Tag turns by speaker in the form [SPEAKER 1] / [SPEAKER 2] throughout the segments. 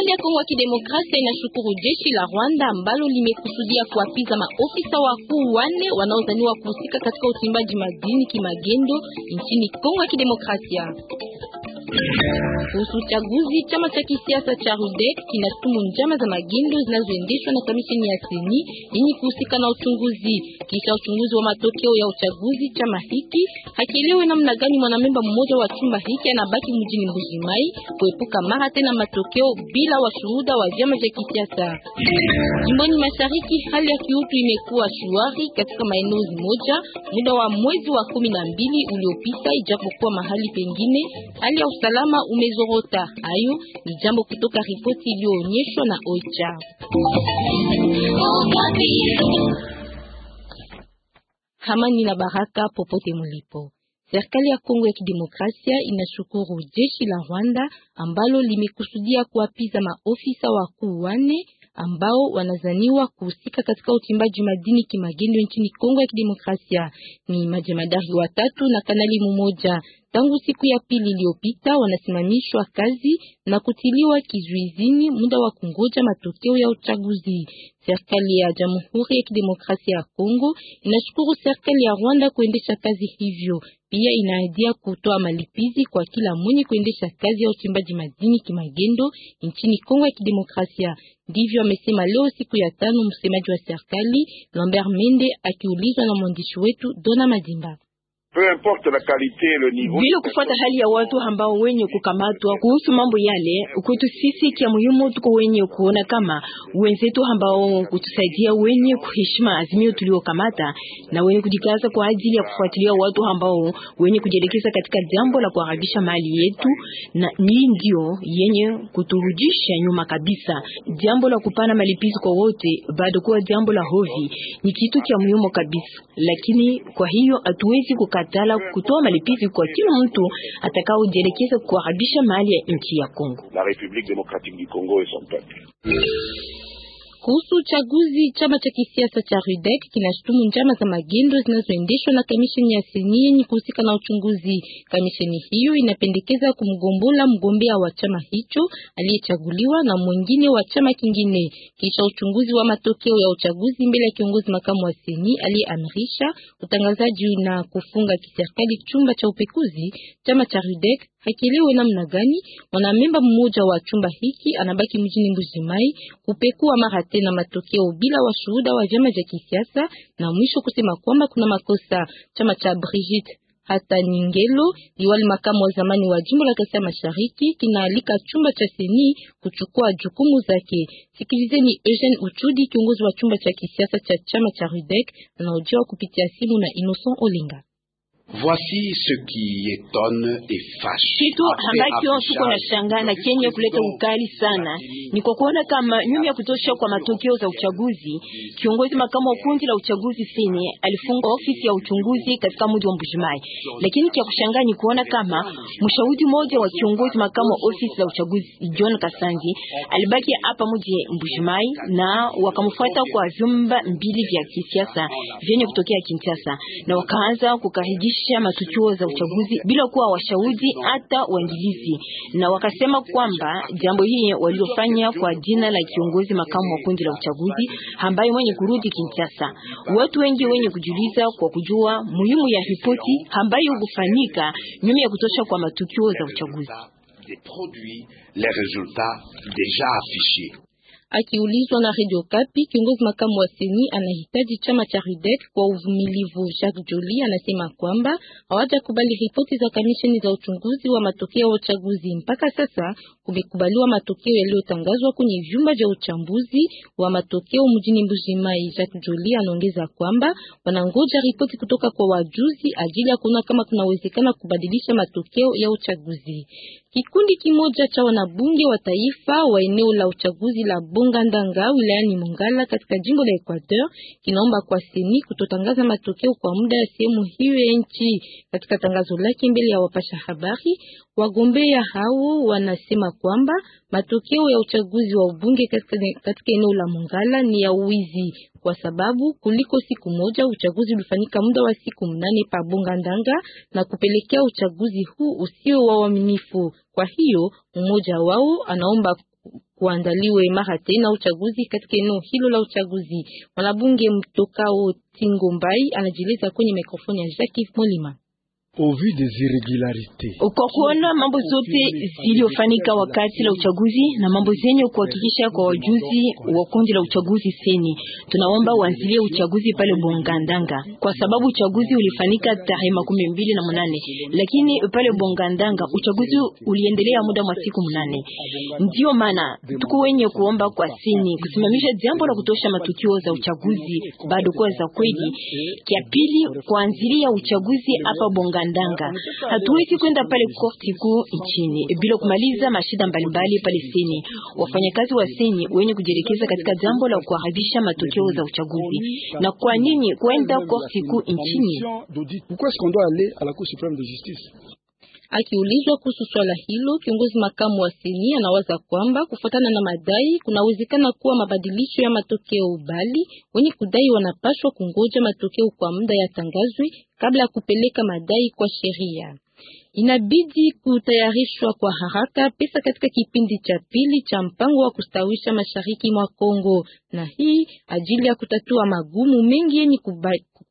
[SPEAKER 1] Serikali ya Kongo ya Kidemokrasia inashukuru jeshi la Rwanda ambalo limekusudia kuapiza maofisa wakuu wanne wanaodhaniwa kuhusika katika uchimbaji madini kimagendo nchini Kongo ya Kidemokrasia. Kuhusu uchaguzi, chama cha kisiasa cha Rude kinatumu njama za magendo zinazoendeshwa na kamisheni ya sini yenye kuhusika na uchunguzi. Kisha uchunguzi wa matokeo ya uchaguzi, chama hiki hakielewe namna gani mwanamemba mmoja wa chumba hiki anabaki mjini Mbujimai kuepuka mara tena matokeo bila washuhuda wa vyama vya kisiasa. Jimboni Mashariki, hali ya kiutu imekuwa shwari katika maeneo moja muda wa mwezi wa kumi na mbili uliopita, ijapokuwa mahali pengine hali ya usalama umezorota. Hayo ni jambo kutoka ripoti iliyoonyeshwa na OCHA. Hamani na baraka popote mulipo. Serikali ya Kongo ya Kidemokrasia inashukuru jeshi la Rwanda ambalo limekusudia kuapiza maofisa wakuu wane ambao wanazaniwa kuhusika katika uchimbaji madini kimagendo nchini Kongo ya Kidemokrasia. Ni majemadari watatu na kanali mmoja tangu siku ya pili iliyopita wanasimamishwa kazi na kutiliwa kizuizini muda wa kungoja matokeo ya uchaguzi. Serikali ya Jamhuri ya Kidemokrasia ya Kongo inashukuru serikali ya Rwanda kuendesha kazi hivyo. Pia inaahidia kutoa malipizi kwa kila mwenye kuendesha kazi ya uchimbaji madini kimagendo nchini Kongo ya Kidemokrasia. Ndivyo amesema leo siku ya tano msemaji wa serikali Lambert Mende akiulizwa na mwandishi wetu Dona Madimba
[SPEAKER 2] bila
[SPEAKER 3] kufuata hali ya watu ambao wenye kukamatwa kuhusu mambo yale. Kwetu sisi kia muhimu, tuko wenye kuona kama wenzetu ambao kutusaidia, wenye kuheshima azimio tuliokamata na wenye kujikaza kwa ajili ya kufuatilia watu ambao wenye kujielekeza katika jambo la kuharibisha mali yetu, na ni ndio yenye kuturudisha nyuma kabisa. Jambo la kupana malipizi kwa wote bado kuwa jambo la hovi, ni kitu kia muhimu kabisa, lakini kwa hiyo hatuwezi kuka kukatala kutoa malipizi kwa kila mtu atakaojielekeza kuharibisha mali ya nchi ya Kongo.
[SPEAKER 4] La République démocratique du Congo et son peuple.
[SPEAKER 3] Kuhusu uchaguzi, chama cha kisiasa
[SPEAKER 1] cha Rudek kinashutumu njama za magendo zinazoendeshwa na kamisheni ya seni yenye kuhusika na uchunguzi. Kamisheni hiyo inapendekeza kumgombola mgombea wa chama hicho aliyechaguliwa na mwingine wa chama kingine kisha uchunguzi wa matokeo ya uchaguzi mbele ya kiongozi makamu wa seni aliyeamrisha utangazaji na kufunga kiserikali chumba cha upekuzi. Chama cha Rudek Hakelewe namna gani mwanamemba mmoja wa chumba hiki anabaki mjini Mbuzimai kupekua mara tena matokeo bila washuhuda wa vyama vya kisiasa, na mwisho kusema kwamba kuna makosa. Chama cha Brigitte hata Ningelo, liwali makamu wa zamani wa jimbo la Kasai Mashariki, kinaalika chumba cha seni kuchukua jukumu zake. Sikilizeni Eugene Uchudi, kiongozi wa chumba cha kisiasa cha chama cha Rudek, anaojiwa kupitia simu na Innocent Olinga.
[SPEAKER 2] Voici ce qui étonne et fâche.
[SPEAKER 1] Kitu
[SPEAKER 3] ambacho tuko na shangaa na kenye kuleta ukali sana ni kwa kuona kama nyuma ya kutosha kwa matokeo za uchaguzi, kiongozi makamu wa kundi la uchaguzi sini alifunga ofisi ya uchunguzi katika mji wa Mbujimai. Lakini kia kushangaa ni kuona kama mshauri mmoja wa kiongozi makamu wa ofisi la uchaguzi John Kasangi alibaki hapa mji Mbujimai na wakamfuata kwa vyumba mbili vya kisiasa vyenye kutokea Kinshasa na wakaanza kukaribisha kuendesha matukio za uchaguzi bila kuwa washahidi hata waingilizi, na wakasema kwamba jambo hili waliofanya kwa jina la kiongozi makamu wa kundi la uchaguzi ambaye mwenye kurudi Kinshasa. Watu wengi wenye kujiuliza kwa kujua muhimu ya ripoti ambayo hufanyika nyuma ya kutosha kwa matukio za uchaguzi.
[SPEAKER 1] Akiulizwa na Radio Kapi, kiongozi makamu wa seni anahitaji chama cha Rudek kwa uvumilivu. Jacques Joly anasema kwamba hawajakubali ripoti za kamisheni za uchunguzi wa matokeo ya uchaguzi. Mpaka sasa kumekubaliwa matokeo yaliyotangazwa kwenye vyumba vya uchambuzi wa matokeo mjini mbuji Jacques Joly anaongeza kwamba wanangoja ripoti kutoka kwa wajuzi ajili ya kuona kama kunawezekana kubadilisha matokeo ya uchaguzi. Kikundi kimoja cha wanabunge wa taifa wa eneo la uchaguzi la Bo Bongandanga wilayani Mongala katika jimbo la Equateur kinaomba kwa seni kutotangaza matokeo kwa muda ya sehemu hiyo ya nchi. Katika tangazo lake mbele ya wapasha habari, wagombea hao wanasema kwamba matokeo ya uchaguzi wa ubunge katika, katika eneo la Mongala ni ya uwizi kwa sababu kuliko siku moja uchaguzi ulifanyika muda wa siku mnane pa Bongandanga na kupelekea uchaguzi huu usio wa uaminifu. Kwa hiyo mmoja wao anaomba kuandaliwe mara tena uchaguzi katika eneo hilo la uchaguzi. Mwanabunge mtokao Tingombai anajieleza kwenye mikrofoni ya Jacques Molima.
[SPEAKER 5] Kwa
[SPEAKER 3] kuona mambo zote zilizofanyika wakati la uchaguzi na mambo zenye kuhakikisha kwa wajuzi wa kundi la uchaguzi seni, tunaomba uanzilie uchaguzi pale Bongandanga kwa sababu uchaguzi ulifanika tarehe makumi mbili na mnane, lakini pale Bongandanga uchaguzi uliendelea muda mwa siku munane. Ndio maana tuko wenye kuomba kwa seni kusimamisha jambo la kutosha matukio za uchaguzi bado kwa za kweli. Kia pili kuanzilia uchaguzi hapa Bongandanga Bandanga. Hatuwezi kwenda pale korti kuu nchini bila kumaliza mashida mbalimbali pale seni. Wafanyakazi wa seni wenye kujielekeza katika jambo la kuharibisha matokeo za uchaguzi. Na kwa nini kwenda korti kuu nchini?
[SPEAKER 1] Akiulizwa kuhusu swala hilo, kiongozi makamu wa seni anawaza kwamba kufuatana na madai kunawezekana kuwa mabadilisho ya matokeo, bali wenye kudai wanapaswa kungoja matokeo kwa muda yatangazwe kabla ya kupeleka madai kwa sheria. Inabidi kutayarishwa kwa haraka pesa katika kipindi cha pili cha mpango wa kustawisha mashariki mwa Kongo, na hii ajili ya kutatua magumu mengi yenye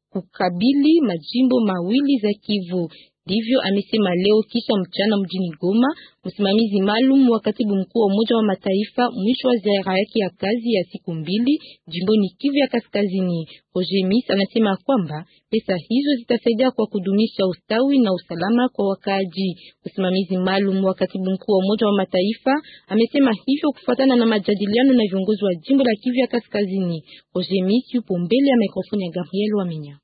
[SPEAKER 1] kukabili majimbo mawili za Kivu. Ndivyo amesema leo kisha mchana mjini Goma, msimamizi maalum wa katibu mkuu wa Umoja wa Mataifa mwisho wa ziara yake ya kazi ya siku mbili jimboni Kivu ya Kaskazini. Roger Miss anasema kwamba pesa hizo zitasaidia kwa kudumisha ustawi na usalama kwa wakaaji. Msimamizi maalum wa katibu mkuu wa Umoja wa Mataifa amesema hivyo kufuatana na majadiliano na viongozi wa jimbo la Kivu ya Kaskazini. Roger Miss yupo mbele ya mikrofoni ya Gabriel Wamenya.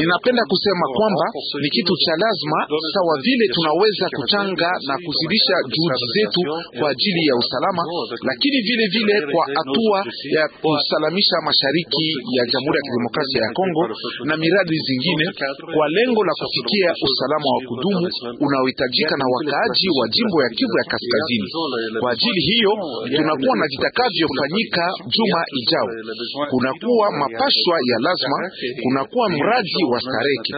[SPEAKER 2] Ninapenda kusema kwamba ni kitu cha lazima, sawa vile tunaweza kuchanga na kuzidisha juhudi zetu kwa ajili ya usalama, lakini vile vile kwa hatua ya kusalamisha mashariki ya Jamhuri ya Kidemokrasia ya Kongo na miradi zingine kwa lengo la kufikia usalama wa kudumu unaohitajika na wakaaji wa jimbo ya Kivu ya Kaskazini. Kwa ajili hiyo tunakuwa na vitakavyofanyika juma ijao, kunakuwa mapasho kuwa ya lazima kunakuwa mradi wa stareke.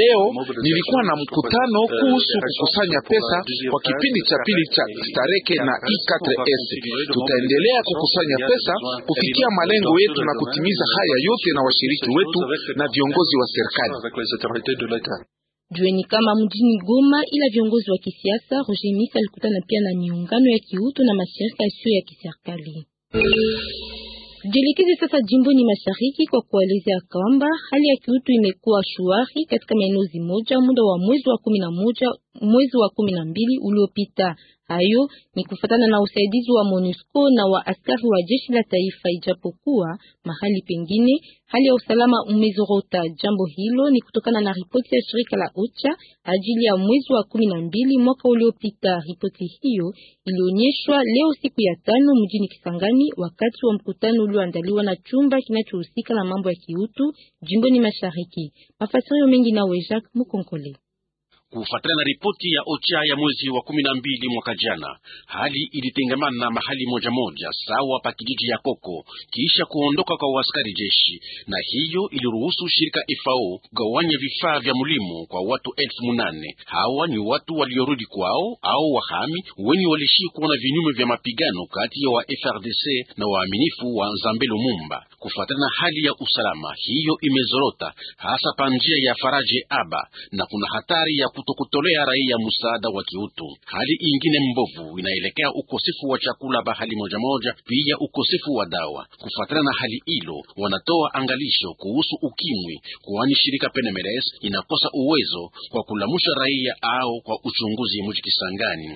[SPEAKER 5] Leo nilikuwa na mkutano eh, kuhusu kukusanya pesa kwa kipindi cha
[SPEAKER 2] pili cha stareke na I4S. Tutaendelea kukusanya pesa kufikia malengo yetu na kutimiza haya yote na washiriki wetu na viongozi wa serikali.
[SPEAKER 1] Jueni kama mjini Goma ila viongozi wa kisiasa Roger Miss alikutana pia na miungano ya kiutu na mashirika yasiyo ya kiserikali. Tujielekeze sasa jimboni mashariki kwa kuelezea kwamba hali ya kiutu imekuwa shwari katika maeneo moja muda wa mwezi wa kumi na moja mwezi wa kumi na mbili uliopita. Hayo ni kufatana na usaidizi wa MONUSCO na wa askari wa jeshi la taifa, ijapokuwa mahali pengine hali ya usalama umezorota. Jambo hilo ni kutokana na ripoti ya shirika la OCHA ajili ya mwezi wa kumi na mbili mwaka uliopita. Ripoti hiyo ilionyeshwa leo siku ya tano mjini Kisangani wakati wa mkutano ulioandaliwa na chumba kinachohusika na mambo ya kiutu jimboni mashariki. Mafasirio mengi nawe Jacques Mukonkole.
[SPEAKER 4] Kufuatana na ripoti ya OCHA ya mwezi wa kumi na mbili mwaka jana, hali ilitengamana mahali moja moja sawa pa kijiji ya Koko kisha kuondoka kwa askari jeshi, na hiyo iliruhusu shirika FAO kugawanya vifaa vya mlimo kwa watu elfu munane. Hawa ni watu waliorudi kwao au wahami weni walishii kuona vinyume vya mapigano kati ya wa FRDC na waaminifu wa Nzambe Lumumba. Kufuatana na hali ya usalama, hiyo imezorota hasa pa njia ya Faraje Aba na kuna hatari ya kutokutolea raia msaada wa kiutu. Hali ingine mbovu inaelekea ukosefu wa chakula bahali moja moja, pia ukosefu wa dawa. Kufuatana na hali hilo, wanatoa angalisho kuhusu ukimwi, kwani shirika Penemeres inakosa uwezo kwa kulamusha raia au kwa uchunguzi mujikisangani.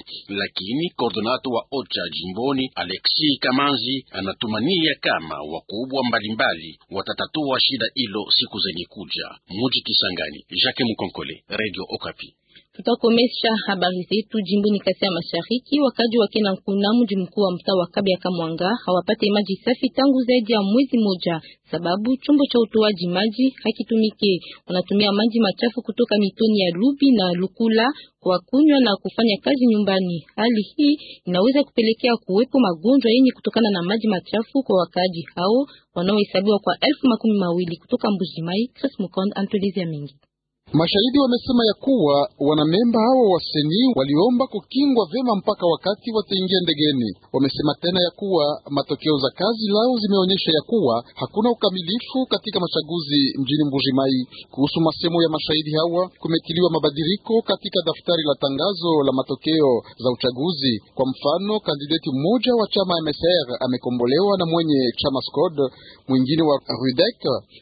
[SPEAKER 4] Lakini kordonato wa OCHA jimboni Alexi Kamanzi anatumania kama wakubwa mbalimbali watatatua shida hilo siku zenye kuja. Muji Kisangani, Jacques Mkonkole, Radio Okapi.
[SPEAKER 1] Tutakomesha habari zetu jimboni Kasai ya Mashariki. Wakaji wa Kena Nkuna, mji mkuu wa mtaa wa Kabya Kamwanga, hawapate maji safi tangu zaidi ya mwezi moja, sababu chombo cha utoaji maji hakitumike. Wanatumia maji machafu kutoka mitoni ya Lubi na Lukula kwa kunywa na kufanya kazi nyumbani. Hali hii inaweza kupelekea kuwepo magonjwa yenye kutokana na maji machafu kwa wakaji hao wanaohesabiwa kwa elfu makumi mawili kutoka Mbuji Mai. Chris Mukond, Antolizia Mingi.
[SPEAKER 5] Mashahidi wamesema ya kuwa wanamemba hao wa senyi waliomba kukingwa vyema mpaka wakati wataingia ndegeni. Wamesema tena ya kuwa matokeo za kazi lao zimeonyesha ya kuwa hakuna ukamilifu katika machaguzi mjini Mbujimai. Kuhusu masemo ya mashahidi hawa, kumetiliwa mabadiliko katika daftari la tangazo la matokeo za uchaguzi. Kwa mfano, kandideti mmoja wa chama MSR amekombolewa na mwenye chama SCOD, mwingine wa RUDEC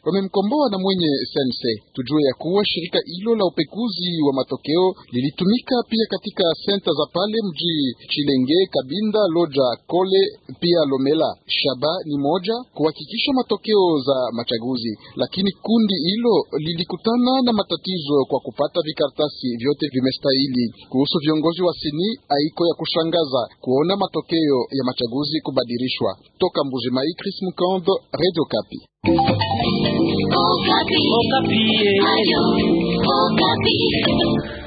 [SPEAKER 5] wamemkomboa na mwenye sense. Tujue ya kuwa shirika shirika hilo la upekuzi wa matokeo lilitumika pia katika senta za pale mji Chilenge, Kabinda, Loja, Kole pia Lomela. Shaba ni moja kuhakikisha matokeo za machaguzi, lakini kundi hilo lilikutana na matatizo kwa kupata vikaratasi vyote vimestahili. Kuhusu viongozi wa sini, haiko ya kushangaza kuona matokeo ya machaguzi kubadilishwa. Toka Mbuzi Mai, Chris Mukondo, Radio Kapi.
[SPEAKER 1] Oh, kapi. Oh, kapi. Eh.
[SPEAKER 2] Oh, Bumblebee.